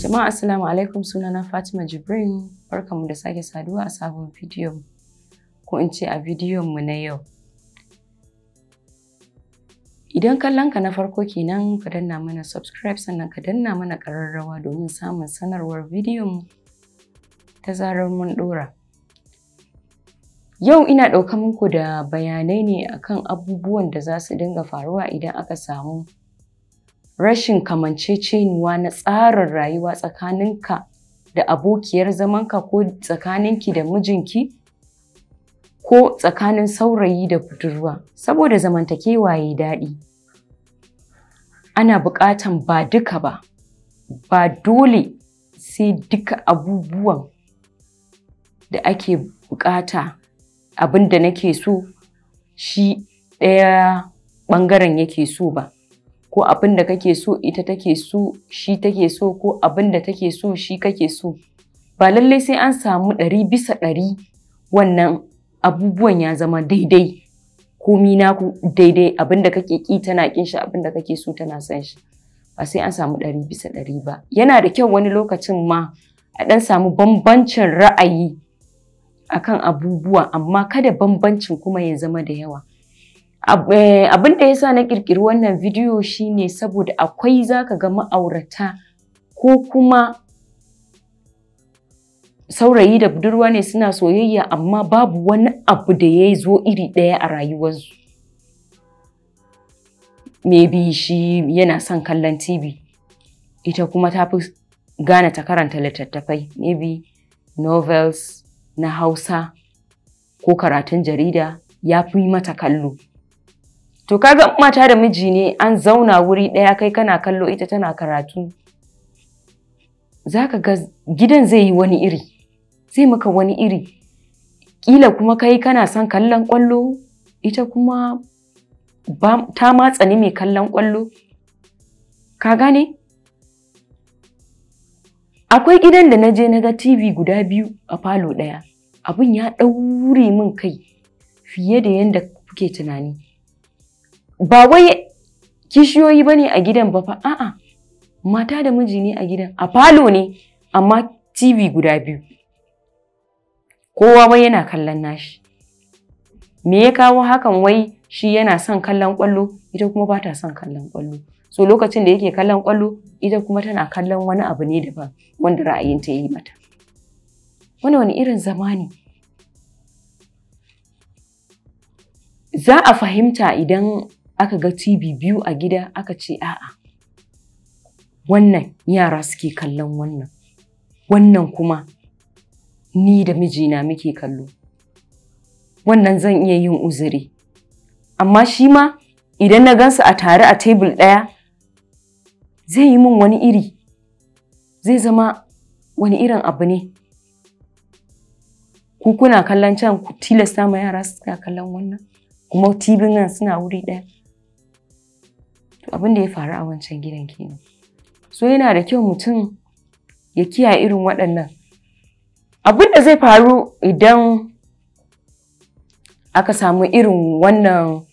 Jama'a Assalamu alaikum sunana Fatima Jibrin barkamu da sake saduwa a sabon bidiyon ko in ce a bidiyon mu na yau. Idan kallon ka na farko kenan ka danna mana subscribe sannan ka danna mana ƙararrawa domin samun sanarwar bidiyon ta zarar mun ɗora. Yau ina ɗauka muku da bayanai ne akan abubuwan da za su dinga faruwa idan aka samu rashin kamancecenuwa na tsarin rayuwa tsakaninka da abokiyar zamanka ko tsakaninki da mijinki ko tsakanin saurayi da budurwa saboda zamantakewa ya yi daɗi. Ana buƙatan ba duka ba, ba dole sai duka abubuwan da ake buƙata abin da nake so shi ɗaya ɓangaren yake so ba. ko abin da kake so ita take so shi take so ko abin da take so shi kake so ba lallai sai an samu ɗari bisa ɗari wannan abubuwan ya zama daidai komi naku daidai abin da kake ki tana kin shi abin da kake so tana son shi ba sai an samu ɗari bisa ɗari ba yana da kyau wani lokacin ma a ɗan samu bambancin ra'ayi akan abubuwa amma kada bambancin kuma ya zama da yawa Eh, abin da yasa na kirkiri wannan bidiyo shine saboda akwai zaka ga ma'aurata ko kuma saurayi da budurwa ne suna soyayya amma babu wani abu da ya zo iri ɗaya a rayuwarsu maybe shi yana son kallon tv ita kuma ta fi gane ta karanta littattafai maybe novels na hausa ko karatun jarida ya fi mata kallo to kaga mata da miji ne an zauna wuri ɗaya kai kana kallo ita tana karatu za ga gidan zai yi wani iri zai maka wani iri ƙila kuma kai kana son kallon ƙwallo ita kuma ta matsa ne mai kallon kwallo ka gane akwai gidan da na je na ga tv guda biyu a falo ɗaya abin ya ɗaure min kai fiye da yadda kuke tunani ba wai kishiyoyi bane a gidan ba fa a'a mata da miji ne a gidan a falo ne amma TV guda biyu kowa wai yana kallon nashi me ya kawo hakan wai shi yana son kallon kwallo ita kuma ba ta son kallon kwallo so lokacin da yake kallon kwallo ita kuma tana kallon wani abu ne daban wanda ra'ayinta ya yi mata wani wani irin zamani za a fahimta idan aka ga TV biyu a gida aka ce a'a wannan yara suke kallon wannan wannan kuma ni da mijina muke kallo wannan zan iya yin uzuri amma shi ma idan na gansu a tare a tebul ɗaya zai yi min wani iri zai zama wani irin abu ne ku kuna kallon can ku tilasta ma yara suna kallon wannan kuma tibin nan suna wuri ɗaya To abin da ya faru a wancan gidan kenan. So yana da kyau mutum ya kiyaye irin waɗannan. Abin da zai faru idan aka samu irin wannan